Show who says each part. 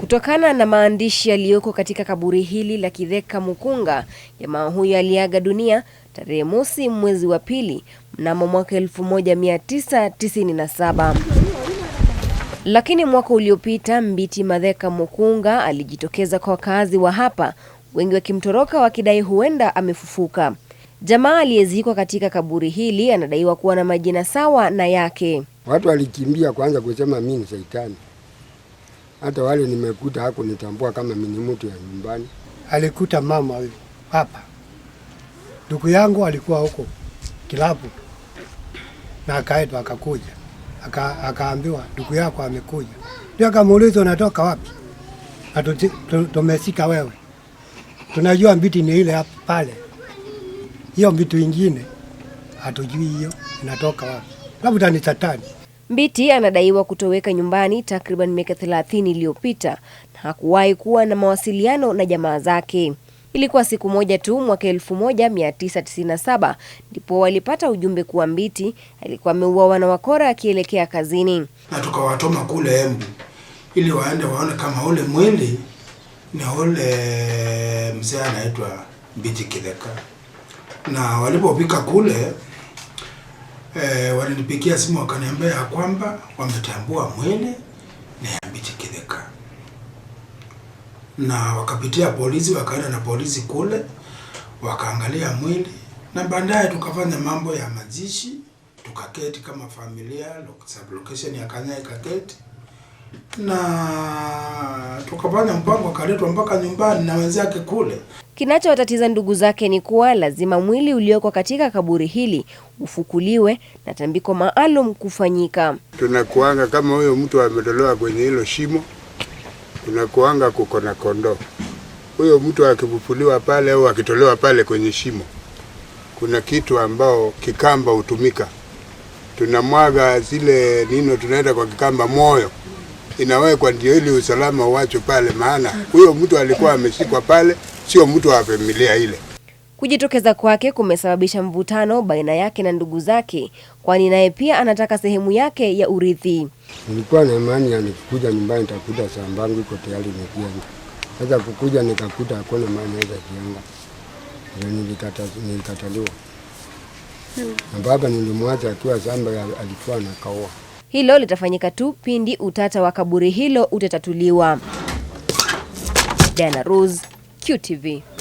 Speaker 1: Kutokana na maandishi yaliyoko katika kaburi hili la kidheka Mukunga, jamaa huyo aliaga dunia tarehe mosi mwezi wa pili mnamo mwaka 1997. Lakini mwaka uliopita Mbiti madheka Mukunga alijitokeza kwa wakazi wa hapa, wengi wakimtoroka wakidai huenda amefufuka. Jamaa aliyezikwa katika kaburi hili anadaiwa kuwa na majina sawa na yake.
Speaker 2: Watu walikimbia kwanza kusema mimi ni shetani. Hata wale nimekuta hakunitambua kama mimi mtu ya nyumbani. Alikuta mama huyu hapa, ndugu yangu alikuwa huko kilabu na akaitwa akakuja, aka, akaambiwa ndugu yako amekuja, ndio akamuuliza unatoka wapi? na tumesika wewe, tunajua mbiti ni ile hapa pale, hiyo mbitu ingine hatujui hiyo inatoka wapi, labda ni satani.
Speaker 1: Mbiti anadaiwa kutoweka nyumbani takriban miaka 30 iliyopita na hakuwahi kuwa na mawasiliano na jamaa zake. Ilikuwa siku moja tu mwaka 1997 ndipo walipata ujumbe kuwa Mbiti alikuwa ameuawa na wakora akielekea kazini,
Speaker 2: na tukawatoma kule Embu ili waende waone kama ule mwili ni ule mzee anaitwa Mbiti Kileka, na walipofika kule e, walinipigia simu wakaniambia ya kwamba wametambua mwili na Yambiti Kitheka, na wakapitia polisi, wakaenda na polisi kule wakaangalia mwili, na baadaye tukafanya mambo ya mazishi, tukaketi kama familia, location ya Kanya ikaketi na tukafanya mpango, akaletwa mpaka nyumbani na wenzake kule.
Speaker 1: Kinachowatatiza ndugu zake ni kuwa lazima mwili ulioko katika kaburi hili ufukuliwe na tambiko maalum kufanyika.
Speaker 2: Tunakuanga kama huyo mtu ametolewa kwenye hilo shimo, tunakuanga kuko na kondoo. Huyo mtu akifufuliwa pale au akitolewa pale kwenye shimo, kuna kitu ambao kikamba hutumika, tunamwaga zile nino, tunaenda kwa kikamba moyo inawekwa ndio ili usalama uwacho pale, maana huyo mtu alikuwa ameshikwa pale, sio mtu wa familia ile.
Speaker 1: Kujitokeza kwake kumesababisha mvutano baina yake na ndugu zake, kwani naye pia anataka sehemu yake ya urithi.
Speaker 2: Nilikuwa na imani ya nikikuja nyumbani nitakuta sambangu iko tayari nikianga, sasa kukuja nikakuta hakuna maana naweza kianga, nilikataliwa hmm. na baba. Nilimwacha akiwa shamba alikuwa anakaoa
Speaker 1: hilo litafanyika tu pindi utata wa kaburi hilo utatatuliwa. Diana Rose, QTV.